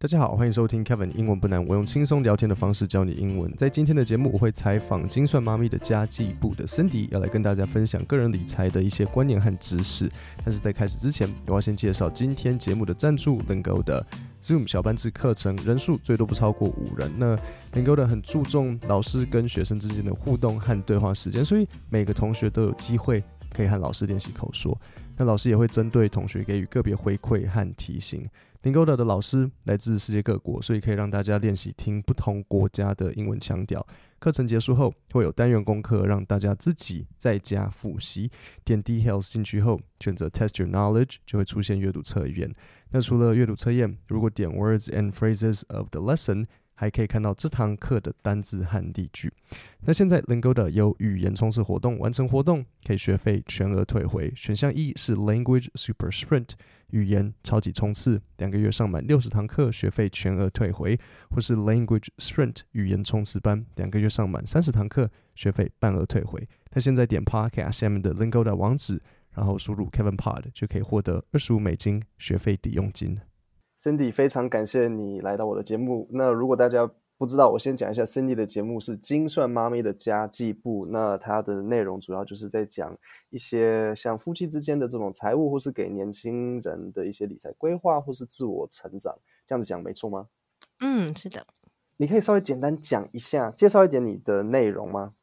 大家好，歡迎收聽 Kevin 英文不難，我用輕鬆聊天的方式教你英文。在今天的節目，我會採訪精算媽咪的家計簿的 Sandy，要來跟大家分享個人理財的一些觀念和知識。但是在開始之前，我要先介紹今天節目的贊助，Lingoda Zoom 小班制課程，人數最多不超過五人。那 Lingoda 很注重老師跟學生之間的互動和對話時間，所以每個同學都有機會可以和老師練習口說。那老師也會針對同學給予個別回饋和提醒。Lingoda 的的老師來自世界各國，所以可以讓大家練習聽不同國家的英文腔調。課程結束後會有單元功課讓大家自己在家複習。點 Details 進去後，選擇 Test Your Knowledge，就會出現閱讀測驗。那除了閱讀測驗，如果點 Words and Phrases of the Lesson。還可以看到這堂課的單字和例句。那現在 Lingoda 有語言衝刺活動，完成活動可以學費全額退回。選項一是 Language Super Sprint 語言超級衝刺，兩個月上滿六十堂課，學費全額退回；或是 Language Sprint 語言衝刺班，兩個月上滿三十堂課，學費半額退回。那現在點 Podcast 下面的 Lingoda 網址，然後輸入 Kevin Pod 就可以獲得二十五美金學費抵用金。Sandy，非常感謝你來到我的節目。那如果大家不知道，我先講一下 Sandy 的節目是《精算媽咪的家計簿》。那它的內容主要就是在講一些像夫妻之間的這種財務，或是給年輕人的一些理財規劃，或是自我成長，這樣子講沒錯嗎？嗯，是的。你可以稍微簡單講一下，介紹一點你的內容嗎？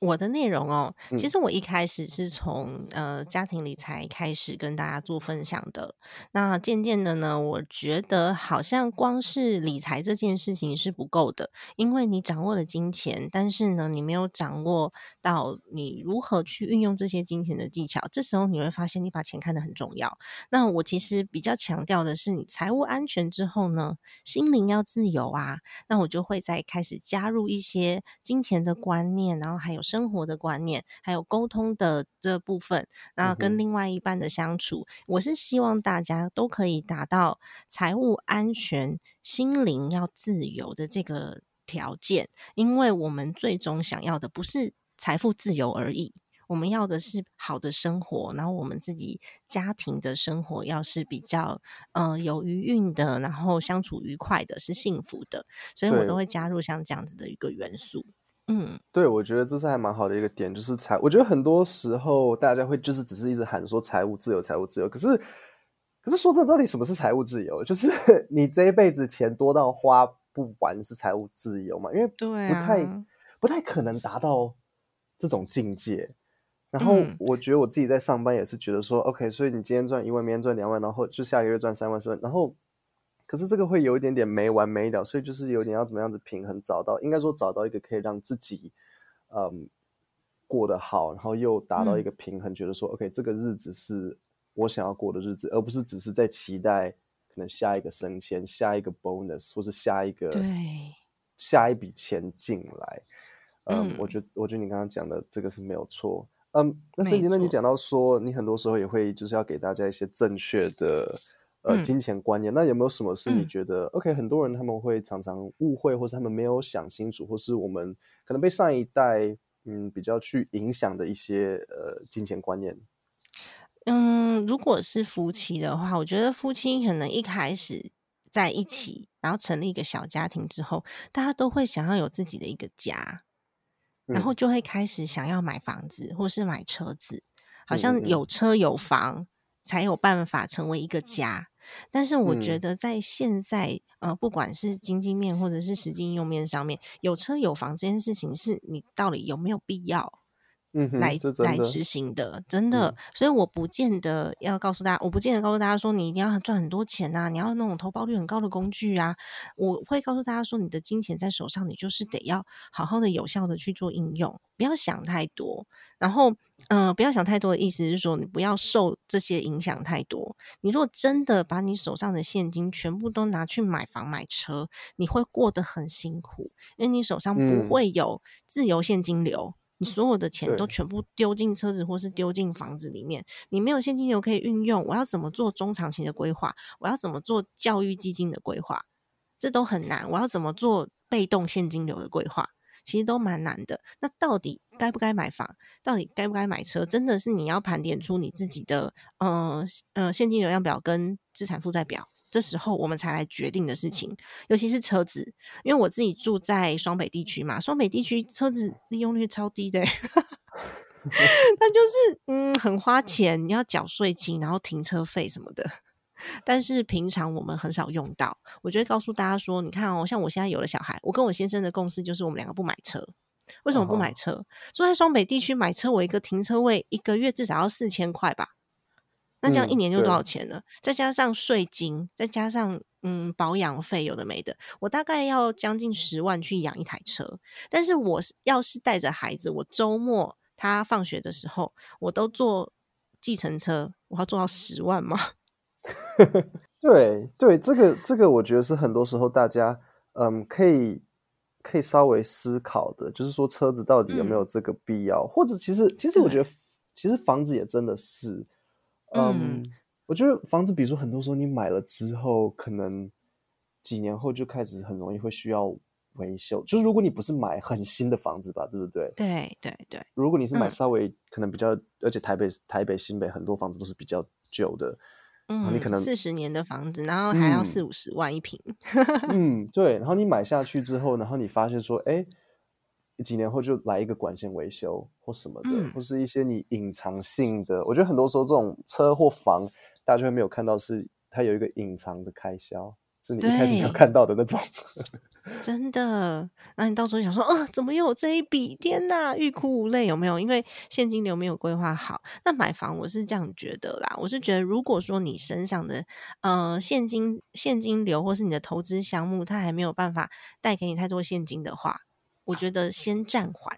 我的內容哦、喔，其實我一開始是從呃家庭理財開始跟大家做分享的。那漸漸的呢，我覺得好像光是理財這件事情是不夠的，因為你掌握了金錢，但是呢，你沒有掌握到你如何去運用這些金錢的技巧。這時候你會發現，你把錢看得很重要。那我其實比較強調的是，你財務安全之後呢，心靈要自由啊。那我就會再開始加入一些金錢的觀念，然後還有生活的觀念，還有溝通的這部分，然後跟另外一半的相處，嗯、哼我是希望大家都可以達到財務安全、心靈要自由的這個條件，因為我們最終想要的不是財富自由而已，我們要的是好的生活，然後我們自己家庭的生活要是比較呃有餘韻的，然後相處愉快的，是幸福的，所以我都會加入像這樣子的一個元素。嗯，對，我覺得這是還蠻好的一個點，就是財。我覺得很多時候大家會就是只是一直喊說財務自由，財務自由。可是，可是說真的到底什麼是財務自由？就是你這一輩子錢多到花不完是財務自由嘛？因為不太對、啊、不太可能達到這種境界。然後我覺得我自己在上班也是覺得說、嗯、，OK，所以你今天賺一萬，明天賺兩萬，然後就下個月賺三萬，四萬，然後。可是這個會有一點點沒完沒了，所以就是有點要怎麼樣子平衡，找到應該說找到一個可以讓自己，嗯，過得好，然後又達到一個平衡，嗯，覺得說 OK，這個日子是我想要過的日子，而不是只是在期待可能下一個升遷、下一個 bonus 或是下一個對下一筆錢進來。嗯，嗯我覺得我覺得你剛剛講的這個是沒有錯。嗯，但是你那你講到說，沒錯，你很多時候也會就是要給大家一些正確的。呃，金錢觀念，那有沒有什麼是你覺得、嗯、OK？很多人他們會常常誤會，或是他們沒有想清楚，或是我們可能被上一代嗯比較去影響的一些呃金錢觀念。嗯，如果是夫妻的話，我覺得夫妻可能一開始在一起，然後成立一個小家庭之後，大家都會想要有自己的一個家，然後就會開始想要買房子或是買車子，好像有車有房嗯嗯嗯才有辦法成為一個家。但是我覺得，在現在，嗯、呃，不管是經濟面或者是實際應用面上面，有車有房這件事情是，是你到底有沒有必要？來、嗯、來執行的，真的，所以我不見得要告訴大家，我不見得告訴大家說你一定要賺很多錢吶、啊，你要那種投報率很高的工具啊。我會告訴大家說，你的金錢在手上，你就是得要好好的、有效的去做應用，不要想太多。然後，嗯、呃，不要想太多的意思就是說，你不要受這些影響太多。你如果真的把你手上的現金全部都拿去買房買車，你會過得很辛苦，因為你手上不會有自由現金流。嗯。你所有的錢都全部丟進車子或是丟進房子裡面，你沒有現金流可以運用，我要怎麼做中長期的規劃？我要怎麼做教育基金的規劃？這都很難。我要怎麼做被動現金流的規劃？其實都蠻難的。那到底該不該買房？到底該不該買車？真的是你要盤點出你自己的，嗯嗯，現金流量表跟資產負債表。這時候我們才來決定的事情，尤其是車子，因為我自己住在雙北地區嘛，雙北地區車子利用率超低的，欸，它 就是嗯很花錢，你要繳稅金，然後停車費什麼的。但是平常我們很少用到，我就會告訴大家說，你看哦，像我現在有了小孩，我跟我先生的共識就是我們兩個不買車。為什麼不買車？住，哦哦，在雙北地區買車，我一個停車位一個月至少要四千塊吧。那這樣一年就多少錢了？嗯、再加上稅金，再加上嗯保養費，有的沒的，我大概要將近十萬去養一台車。但是我要是帶着孩子，我周末他放學的時候，我都坐計程車，我要做到十萬嗎？ 對對，這個這個，我覺得是很多時候大家嗯，可以可以稍微思考的，就是說車子到底有沒有這個必要？嗯、或者其實其實，我覺得對其實房子也真的是。Um, 嗯，我覺得房子，比如說很多時候你買了之後，可能幾年後就開始很容易會需要維修。就是如果你不是買很新的房子吧，對不對？對對對。對對，如果你是買稍微可能比較，嗯，而且台北台北新北很多房子都是比較舊的，嗯，你可能四十年的房子，然後還要四五十萬一坪。 嗯，對。然後你買下去之後，然後你發現說，哎。幾年後就來一個管線維修或什麼的，嗯、或是一些你隱藏性的。我覺得很多時候這種車或房，大家就會沒有看到是它有一個隱藏的開銷，是對你一開始沒有看到的那種對。 真的？那你到時候想說，哦、呃，怎麼又有這一筆？天吶，欲哭無淚，有沒有？因為現金流沒有規劃好。那買房，我是這樣覺得啦。我是覺得，如果說你身上的呃現金現金流，或是你的投資項目，它還沒有辦法帶給你太多現金的話。我覺得先暫緩，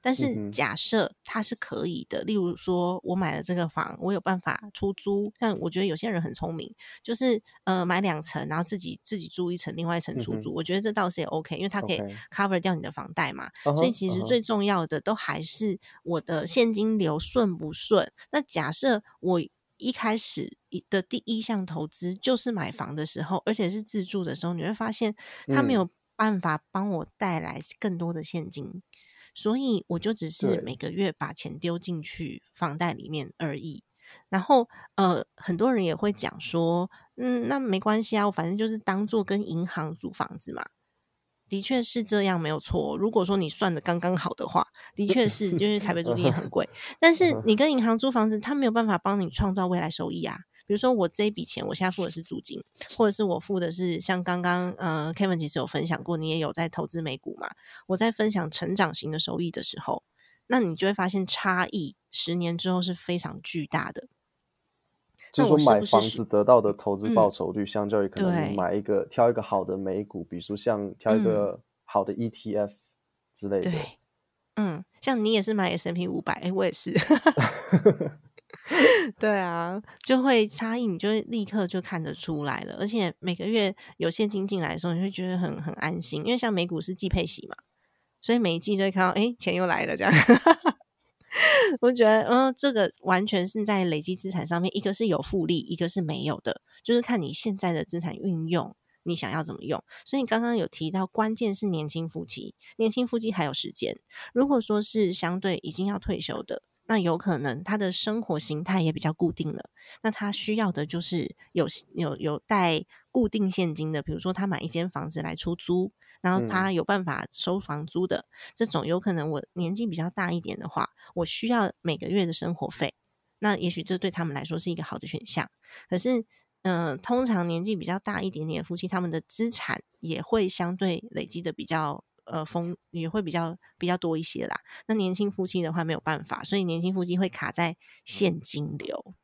但是假設它是可以的，嗯、哼例如說我買了這個房，我有辦法出租。但我覺得有些人很聰明，就是呃買兩層，然後自己自己住一層，另外一層出租。嗯、哼我覺得這倒是也 OK，因為他可以 cover 掉你的房貸嘛。Okay 所以其實最重要的都還是我的現金流順不順。嗯、哼那假設我一開始的第一項投資就是買房的時候，而且是自住的時候，你會發現它沒有、嗯。辦法幫我帶來更多的現金，所以我就只是每個月把錢丟進去房貸裡面而已。對然後呃，很多人也會講說，嗯，那沒關係啊，我反正就是當做跟銀行租房子嘛。的確是這樣沒有錯哦。如果說你算的剛剛好的話，的確是，就是台北租金也很貴， 但是你跟銀行租房子，他沒有辦法幫你創造未來收益啊。比如說我這一筆錢，我現在付的是租金，或者是我付的是像剛剛、呃、Kevin 其實有分享過，你也有在投資美股嘛？我在分享成長型的收益的時候，那你就會發現差異十年之後是非常巨大的。就是說買房子得到的投資報酬率，嗯、相較於可能買一個對挑一個好的美股，比如說像挑一個好的 ETF 之類的。對，嗯，像你也是買 S&P 500，哎，我也是。 對啊，就會差異，你就會立刻就看得出來了。而且每個月有現金進來的時候，你會覺得很很安心，因為像美股是季配息嘛，所以每一季就會看到，哎、欸，錢又來了這樣。哈哈哈，我覺得，嗯、哦，這個完全是在累積資產上面，一個是有複利，一個是沒有的，就是看你現在的資產運用，你想要怎麼用。所以你剛剛有提到，關鍵是年輕夫妻，年輕夫妻還有時間。如果說是相對已經要退休的。那有可能他的生活形態也比較固定了，那他需要的就是有有有帶固定現金的，比如說他買一間房子來出租，然後他有辦法收房租的、嗯、這種。有可能我年紀比較大一點的話，我需要每個月的生活費，那也許這對他們來說是一個好的選項。可是，嗯、呃，通常年紀比較大一點點的夫妻，他們的資產也會相對累積的比較。呃，風也會比較比較多一些啦。那年輕夫妻的話沒有辦法，所以年輕夫妻會卡在現金流。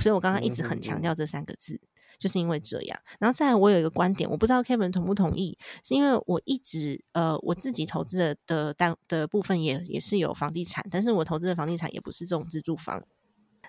所以我剛剛一直很強調這三個字，就是因為這樣。然後再來，我有一個觀點，我不知道 Kevin 同不同意，是因為我一直呃，我自己投資的的單的部分也也是有房地產，但是我投資的房地產也不是這種自住房。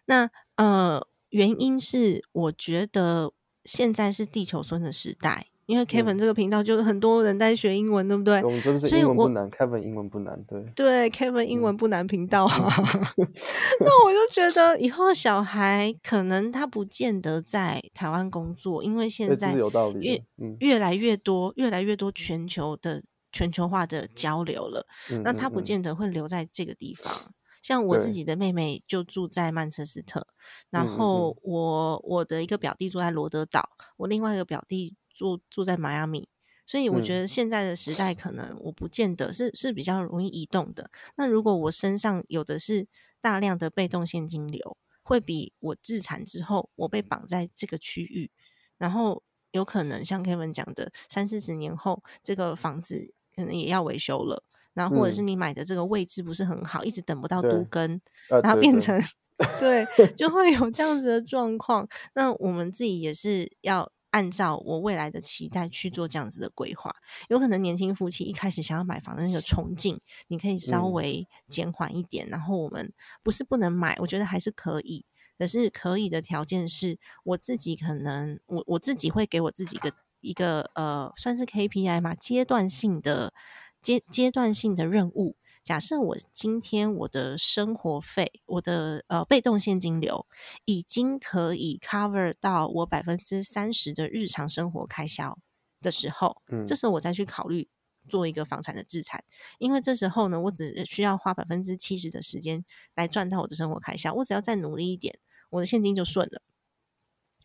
那呃，原因是我覺得現在是地球村的時代。因為 Kevin 這個頻道就是很多人在學英文，對不對？所以我英文不難，Kevin 英文不難，對對，Kevin 英文不難頻道。那我就覺得以後小孩可能他不見得在台灣工作，因為現在越越來越多越來越多全球的全球化的交流了，那他不見得會留在這個地方。像我自己的妹妹就住在曼徹斯特，然後我我的一個表弟住在羅德島，我另外一個表弟。住住在邁阿密，所以我覺得現在的時代可能我不見得、嗯、是是比較容易移動的。那如果我身上有的是大量的被動現金流，會比我置產之後，我被綁在這個區域，然後有可能像 Kevin 講的，三四十年後這個房子可能也要維修了，然後或者是你買的這個位置不是很好，嗯、一直等不到都更，對然後變成、呃、對,對,對,對，就會有這樣子的狀況。 那我們自己也是要。按照我未來的期待去做這樣子的規劃，有可能年輕夫妻一開始想要買房的那個衝勁，你可以稍微減緩一點。嗯、然後我們不是不能買，我覺得還是可以，可是可以的條件是我自己可能我我自己會給我自己一個一個呃，算是 KPI 嘛，階段性的階階段性的任務。假設我今天我的生活費，我的呃被動現金流已經可以 cover 到我百分之三十的日常生活開銷的時候，嗯，這時候我再去考慮做一個房產的置產，因為這時候呢，我只需要花百分之七十的時間來賺到我的生活開銷，我只要再努力一點，我的現金就順了，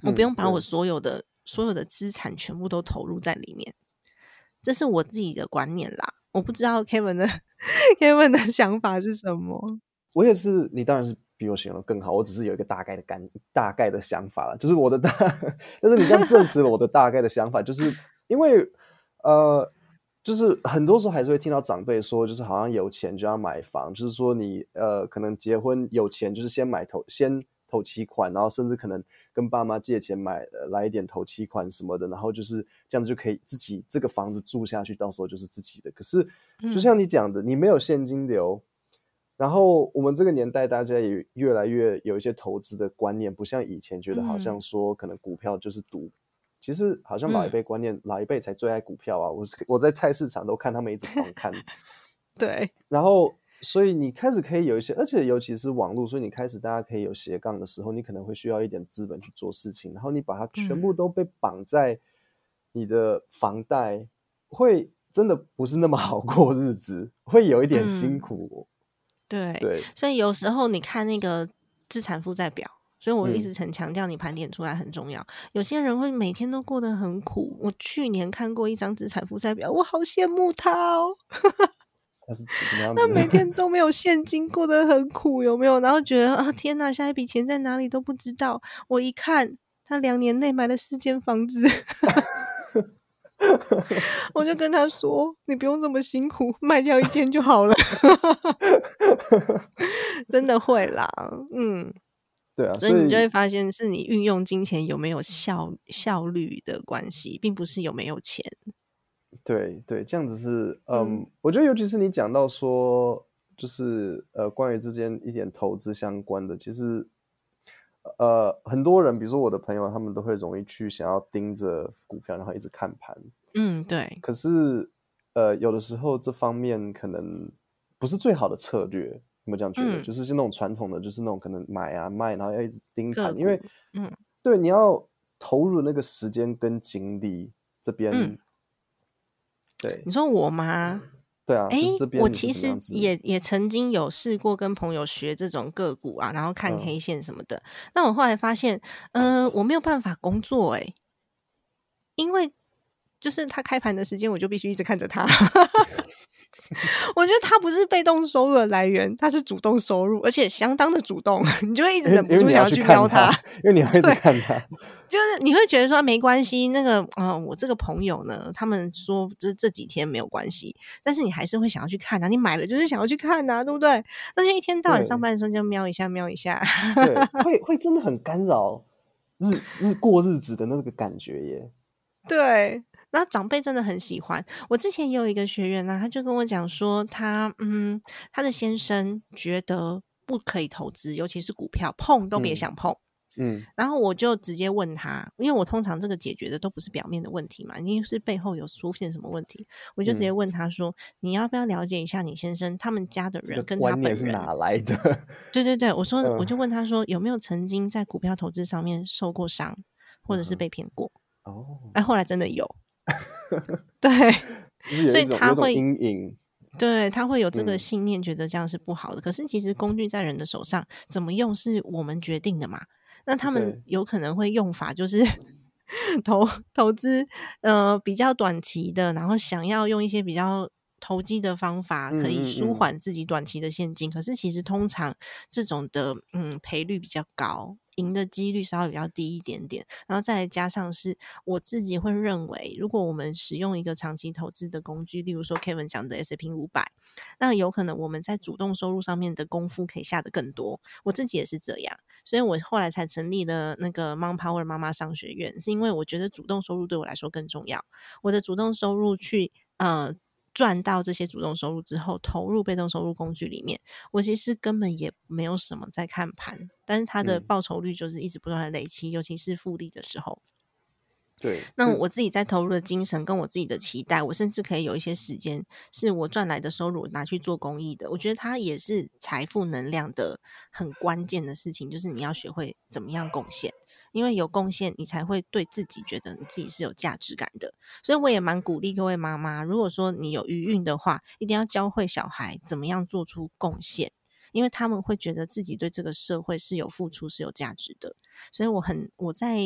嗯、我不用把我所有的、嗯、所有的資產全部都投入在裡面，這是我自己的觀念啦。我不知道 Kevin 的 Kevin 的想法是什麼？我也是，你當然是比我形容的更好。我只是有一個大概的感，大概的想法了。就是我的大，但、就是你這樣證實了我的大概的想法， 就是因為呃，就是很多時候還是會聽到長輩說，就是好像有錢就要買房，就是說你呃，可能結婚有錢就是先買頭先。頭期款，然後甚至可能跟爸媽借錢買、呃、來一點頭期款什麼的，然後就是這樣子就可以自己這個房子住下去，到時候就是自己的。可是就像你講的，嗯、你沒有現金流，然後我們這個年代大家也越來越有一些投資的觀念，不像以前覺得好像說可能股票就是賭，嗯、其實好像老一輩觀念，嗯、老一輩才最愛股票啊。我我在菜市場都看他們一直狂看， 對，然後。所以你開始可以有一些，而且尤其是網絡，所以你開始大家可以有斜槓的時候，你可能會需要一點資本去做事情，然後你把它全部都被綁在你的房貸，嗯、會真的不是那麼好過日子，會有一點辛苦。嗯、對，對。所以有時候你看那個資產負債表，所以我一直很強調你盤點出來很重要。嗯、有些人會每天都過得很苦。我去年看過一張資產負債表，我好羨慕他哦。 他每天都沒有現金，過得很苦，有沒有？然後覺得啊，天哪，下一筆錢在哪裡都不知道。我一看，他兩年內買了四間房子， 我就跟他說：“你不用這麼辛苦，賣掉一間就好了。 ”真的會啦，嗯，對啊，所以，所以你就會發現，是你運用金錢有沒有效效率的關係，並不是有沒有錢。對對，這樣子是，嗯，嗯我覺得尤其是你講到說，就是呃，關於之間一點投資相關的，其實，呃，很多人，比如說我的朋友，他們都會容易去想要盯着股票，然後一直看盤。嗯，對。可是，呃，有的時候這方面可能不是最好的策略。有沒有這樣覺得？嗯、就是那種傳統的，就是那種可能買啊賣，然後要一直盯盤，股因為，嗯，對，你要投入那個時間跟精力這邊、嗯。對，你說我嗎？對啊，欸、我其實也也曾經有試過跟朋友學這種個股啊，然後看 K 線什麼的。嗯、那我後來發現，呃，我沒有辦法工作、欸，誒。因為就是他開盤的時間，我就必須一直看着他 我覺得他不是被動收入的來源，他是主動收入，而且相當的主動。你就會一直忍不住想要去瞄他，因為你會在看他，就是你會覺得說沒關係，那個、呃、我這個朋友呢，他們說就是這幾天沒有關係，但是你還是會想要去看吶、啊。你買了就是想要去看吶、啊，對不對？那就一天到晚上班的時候就瞄一下，瞄對一下，對， 會會真的很干擾日日過日子的那個感覺耶。對。那長輩真的很喜歡。我之前也有一個學員呢、啊，他就跟我講說他，他嗯，他的先生覺得不可以投資，尤其是股票，碰都別想碰。嗯，嗯然後我就直接問他，因為我通常這個解決的都不是表面的問題嘛，一定是背後有出現什麼問題。我就直接問他說：“嗯、你要不要了解一下你先生他們家的人跟他本人？”是哪來的？ 對對對，我說、嗯、我就問他說有沒有曾經在股票投資上面受過傷，或者是被騙過？嗯、哦，那後來真的有。 對，所以他會，對他會有這個信念，嗯、覺得這樣是不好的。可是其實工具在人的手上，怎麼用是我們決定的嘛？那他們有可能會用法就是對投投資，呃，比較短期的，然後想要用一些比較投機的方法，可以舒緩自己短期的現金。嗯嗯嗯，可是其實通常這種的，嗯，賠率比較高。贏的幾率稍微比較低一點點，然後再加上是我自己會認為，如果我們使用一個長期投資的工具，例如說 Kevin 講的 S&P 五百，那有可能我們在主動收入上面的功夫可以下得更多。我自己也是這樣，所以我後來才成立了那個 Mompower 媽媽商學院，是因為我覺得主動收入對我來說更重要。我的主動收入去，呃。賺到這些主動收入之後，投入被動收入工具裡面，我其實根本也沒有什麼在看盤，但是它的報酬率就是一直不斷的累積，嗯，尤其是複利的時候。對，那我自己在投入的精神跟我自己的期待，我甚至可以有一些時間是我賺來的收入拿去做公益的。我覺得它也是財富能量的很關鍵的事情，就是你要學會怎麼樣貢獻。因為有貢獻，你才會對自己覺得你自己是有價值感的。所以我也蠻鼓勵各位媽媽，如果說你有餘韻的話，一定要教會小孩怎麼樣做出貢獻，因為他們會覺得自己對這個社會是有付出、是有價值的。所以我很我在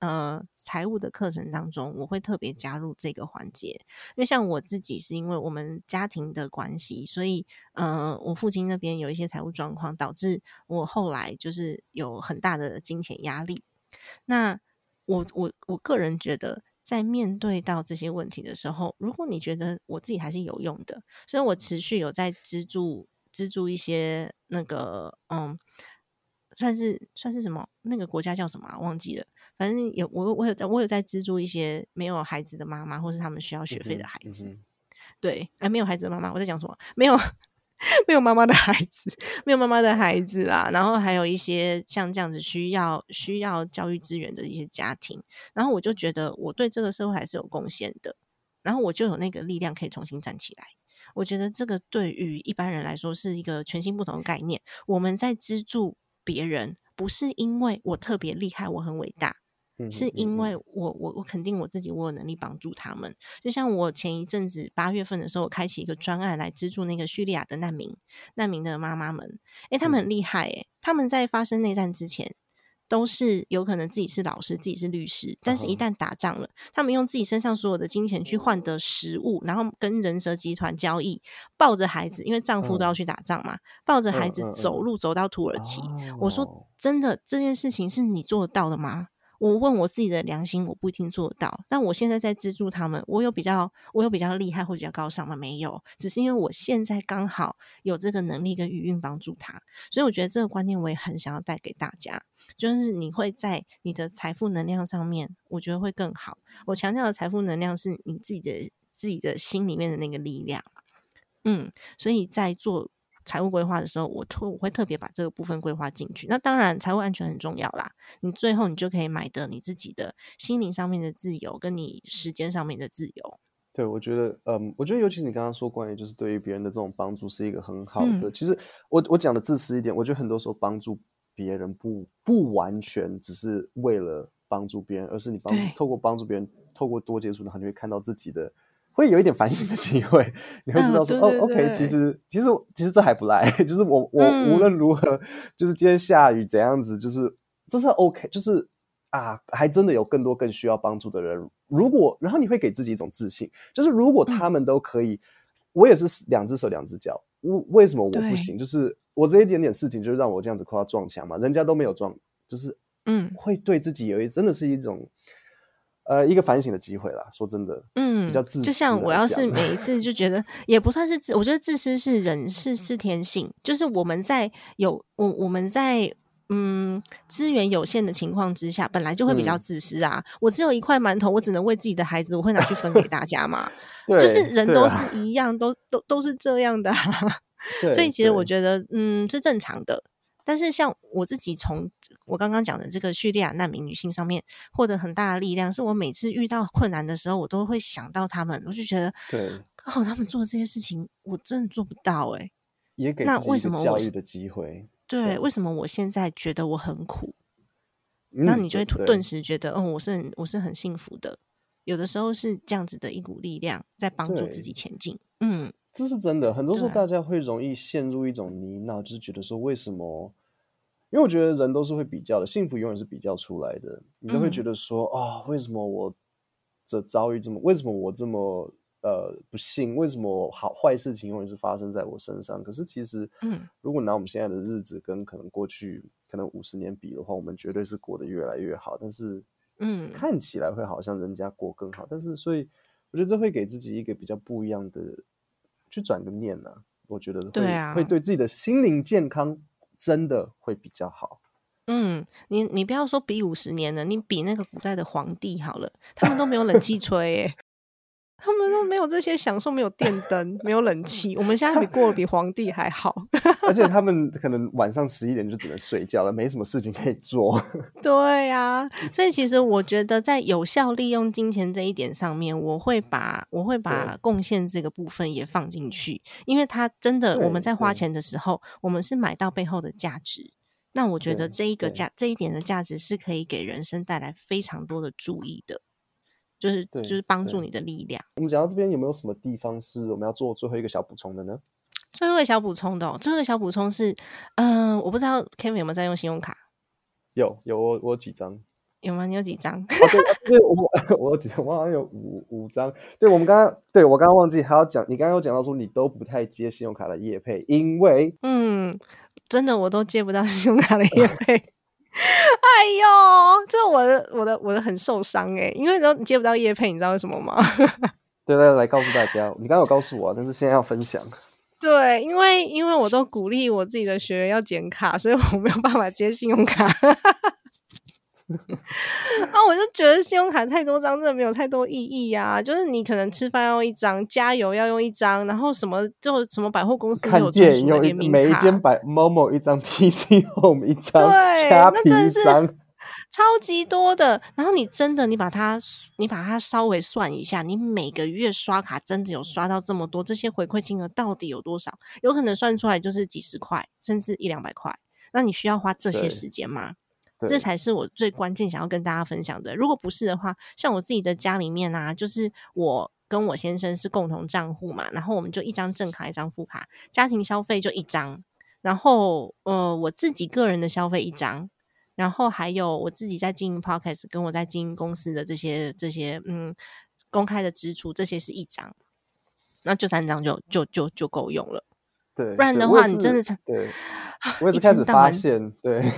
呃財務的課程當中，我會特別加入這個環節，因為像我自己是因為我們家庭的關係，所以呃我父親那邊有一些財務狀況，導致我後來就是有很大的金錢壓力。那我我我個人覺得，在面對到這些問題的時候，如果你覺得我自己還是有用的，所以我持續有在資助資助一些那個嗯，算是算是什麼那個國家叫什麼啊？忘記了，反正有我我有在我有在資助一些沒有孩子的媽媽，或是他們需要學費的孩子。嗯嗯嗯對，呃，沒有孩子的媽媽，我在講什麼？沒有。沒有媽媽的孩子，沒有媽媽的孩子啊，然後還有一些像這樣子需要需要教育資源的一些家庭，然後我就覺得我對這個社會還是有貢獻的，然後我就有那個力量可以重新站起來。我覺得這個對於一般人來說是一個全新不同的概念。我們在資助別人，不是因為我特別厲害，我很偉大。是因為我我我肯定我自己，我有能力幫助他們，就像我前一陣子八月份的時候，我開啟一個專案來資助那個敘利亞的難民，難民的媽媽們，誒，他們很厲害誒、欸，他們在發生內戰之前，都是有可能自己是老師，自己是律師，但是一旦打仗了，他們用自己身上所有的金錢去換得食物，然後跟人蛇集團交易，抱着孩子，因為丈夫都要去打仗嘛，抱着孩子走路走到土耳其。我說，真的這件事情是你做得到的嗎？我問我自己的良心，我不一定做得到。但我現在在資助他們，我有比較，我有比較厲害或比較高尚嗎？沒有，只是因為我現在剛好有這個能力跟餘裕幫助他，所以我覺得這個觀念我也很想要帶給大家，就是你會在你的財富能量上面，我覺得會更好。我強調的財富能量是你自己的自己的心裡面的那個力量，嗯，所以在做。財務規劃的時候，我特我會特別把這個部分規劃進去。那當然，財務安全很重要啦。你最後你就可以買得你自己的心靈上面的自由，跟你時間上面的自由。對，我覺得，嗯，我覺得尤其是你剛剛說關於就是對於別人的這種幫助是一個很好的。嗯。其實我我講的自私一點，我覺得很多時候幫助別人不不完全只是為了幫助別人，而是你幫對透過幫助別人，透過多接觸的話，你會看到自己的。會有一點反省的機會，你會知道說、嗯、對對對哦，OK，其實其實其實這還不賴，就是我我、嗯、無論如何，就是今天下雨怎樣子，就是這是 OK，就是啊，還真的有更多更需要幫助的人。如果然後你會給自己一種自信，就是如果他們都可以，嗯、我也是兩隻手兩隻腳，為為什麼我不行？對就是我這一點點事情就讓我這樣子快要撞牆嘛，人家都沒有撞，就是嗯，會對自己有一真的是一種。呃，一個反省的機會啦。說真的，嗯，比較自私。就像我要是每一次就覺得， 也不算是自。我覺得自私是人是是天性，就是我們在有我我們在嗯資源有限的情況之下，本來就會比較自私啊。嗯、我只有一塊饅頭，我只能為自己的孩子，我會拿去分給大家嘛。 對就是人都是一樣，啊、都都都是這樣的、啊。 所以其實我覺得，嗯，是正常的。但是，像我自己從我剛剛講的這個敘利亞難民女性上面獲得很大的力量，是我每次遇到困難的時候，我都會想到他們，我就覺得，對，哦，他們做這些事情，我真的做不到哎、欸。也給那為什麼我對，對為什麼我現在覺得我很苦？那、嗯、你就會頓時覺得，哦對、嗯，我是很我是很幸福的。有的時候是這樣子的一股力量在幫助自己前進，對嗯。這是真的，很多時候大家會容易陷入一種泥淖，啊、就是覺得說為什麼？因為我覺得人都是會比較的，幸福永遠是比較出來的。你都會覺得說啊、嗯哦，為什麼我這遭遇這麼？為什麼我這麼呃不幸？為什麼好壞事情永遠是發生在我身上？可是其實，嗯，如果拿我們現在的日子跟可能過去可能五十年比的話，我們絕對是過得越來越好。但是，嗯，看起來會好像人家過更好，但是所以我覺得這會給自己一個比較不一樣的。去轉個念呢、啊？我覺得對啊，會對自己的心靈健康真的會比較好。嗯，你你不要說比五十年了，你比那個古代的皇帝好了，他們都沒有冷氣吹耶、欸。 他們都沒有這些享受，沒有電燈，沒有冷氣。 我們現在比過得比皇帝還好，而且他們可能晚上十一點就只能睡覺了， 沒什麼事情可以做。對呀、啊，所以其實我覺得在有效利用金錢這一點上面，我會把我會把貢獻這個部分也放進去，因為他真的我們在花錢的時候，我們是買到背後的價值。那我覺得這一個價這一點的價值是可以給人生帶來非常多的注意的。就是就是幫助你的力量。我們講到這邊，有沒有什麼地方是我們要做最後一個小補充的呢？最充的、哦？最後一個小補充的，最後一個小補充是，嗯、呃，我不知道 Kevin 有沒有在用信用卡？有有，我我有幾張？有嗎？你有幾張、啊 啊？對，我，我有幾張？我好像有五五張。對，我們剛剛，對，我剛剛忘記還要講，你剛剛有講到說你都不太接信用卡的業配，因為嗯，真的我都接不到信用卡的業配。啊 哎呦，這我的我的我的很受傷哎、欸，因為你接不到業配，你知道為什麼嗎？ 對對，對，來告訴大家，你剛剛有告訴我，但是現在要分享。 對，因為因為我都鼓勵我自己的學員要剪卡，所以我沒有辦法接信用卡。 啊，我就覺得信用卡太多張真的沒有太多意義呀、啊。就是你可能吃飯要用一張，加油要用一張，然後什麼就什麼百貨公司也有店用一每一間百 Momo 一張，PC Home 一張，蝦對皮一張，那真的是超級多的。然後你真的你把它你把它稍微算一下，你每個月刷卡真的有刷到這麼多，這些回饋金額到底有多少？有可能算出來就是幾十塊，甚至一兩百塊。那你需要花這些時間嗎？這才是我最關鍵想要跟大家分享的。如果不是的話，像我自己的家裡面啊，就是我跟我先生是共同賬戶嘛，然後我們就一張正卡，一張副卡，家庭消費就一張，然後呃我自己個人的消費一張，然後還有我自己在經營 Podcast 跟我在經營公司的這些這些嗯公開的支出，這些是一張，那就三張就就就就夠用了。對不然的話你真的才對，我也是開始發現、啊、對。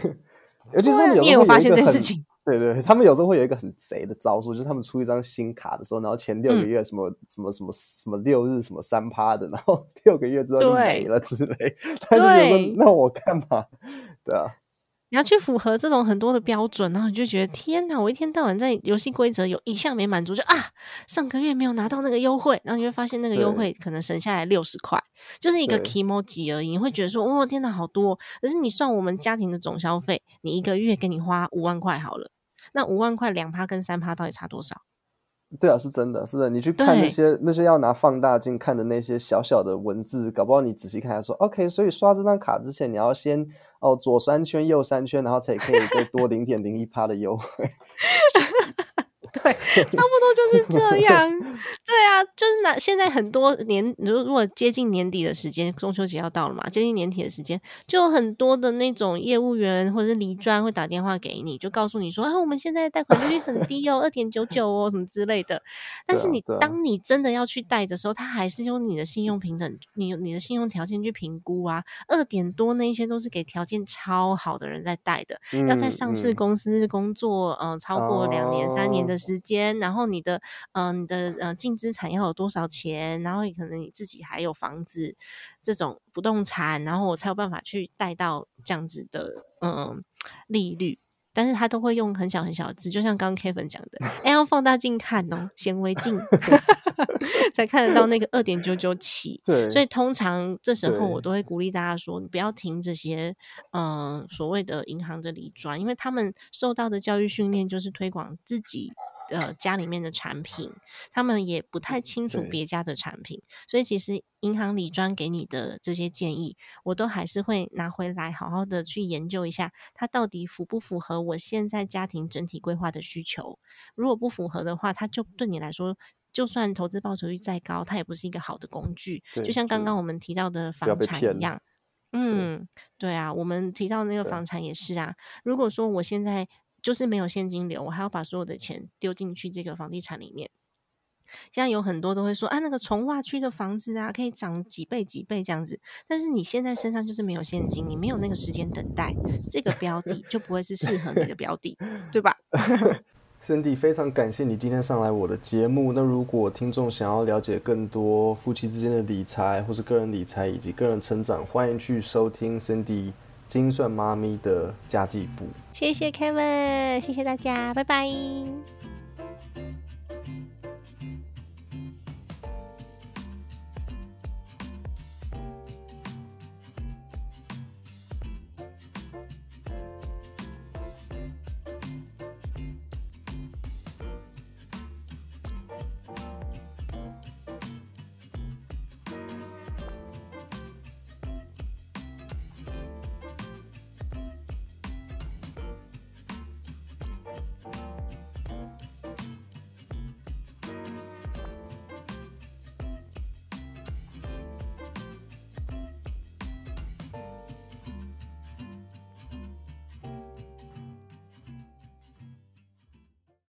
啊、尤其是他們也有，有，有發現這事情，對對，他們有時候會有一個很賊的招數，就是他們出一張新卡的時候，然後前六個月什麼、嗯、什麼什麼什麼六日什麼三趴的，然後六個月之後就沒了之類，他就說那我幹嘛？對啊。你要去符合這種很多的標準，然後你就覺得天吶，我一天到晚在遊戲規則有一項沒滿足，就啊，上個月沒有拿到那個優惠，然後你會發現那個優惠可能省下來六十塊，對就是一個 KMO 級而已。你會覺得說，哦，天吶，好多，哦！可是你算我們家庭的總消費，你一個月給你花五萬塊好了，那五萬塊兩趴跟三趴到底差多少？對啊，是真的，是的，你去看那些對那些要拿放大鏡看的那些小小的文字，搞不好你仔細看還說，OK，所以刷這張卡之前，你要先哦左三圈右三圈，然後才可以再多零點零一趴的優惠。對，差不多就是這樣。對啊，就是那現在很多年，如果如果接近年底的時間，中秋節要到了嘛，接近年底的時間，就有很多的那種業務員或者是理專會打電話給你，就告訴你說啊，我們現在貸款利率很低哦、喔，二點九九哦，什麼之類的。但是你當你真的要去貸的時候，他還是用你的信用評等，你你的信用條件去評估啊。二點多那一些都是給條件超好的人在貸的，嗯、要在上市公司工作嗯、呃，超過兩年三、哦、年的時時間，然後你的嗯、呃，你的嗯、呃、淨資產要有多少錢，然後可能你自己還有房子這種不動產，然後我才有辦法去貸到這樣子的嗯、呃、利率。但是他都會用很小很小的字，就像剛,剛 Kevin 講的、欸，要放大鏡看哦，顯微 鏡 才看得到那個二點九九起。對，所以通常這時候我都會鼓勵大家說，你不要聽這些嗯對、呃、所謂的銀行的理專，因為他們受到的教育訓練就是推廣自己。呃，家裡面的產品，他們也不太清楚別家的產品，對所以其實銀行理專給你的這些建議，我都還是會拿回來好好的去研究，一下它到底符不符合我現在家庭整體規劃的需求。如果不符合的話，它就對你來說，就算投資報酬率再高，它也不是一個好的工具。對就像剛剛我們提到的房產一樣，嗯，對，對啊，我們提到那個房產也是啊。對如果說我現在，就是沒有現金流，我還要把所有的錢丟進去這個房地產裡面。像有很多都會說啊，那個重劃區的房子啊，可以漲幾倍幾倍這樣子。但是你現在身上就是沒有現金，你沒有那個時間等待，這個標的就不會是適合你的標的， 對吧 ？Sandy，非常感謝你今天上來我的節目。那如果聽眾想要了解更多夫妻之間的理財，或是個人理財以及個人成長，歡迎去收聽 Sandy。精算媽咪的家計簿，謝謝 Kevin，謝謝大家，拜拜。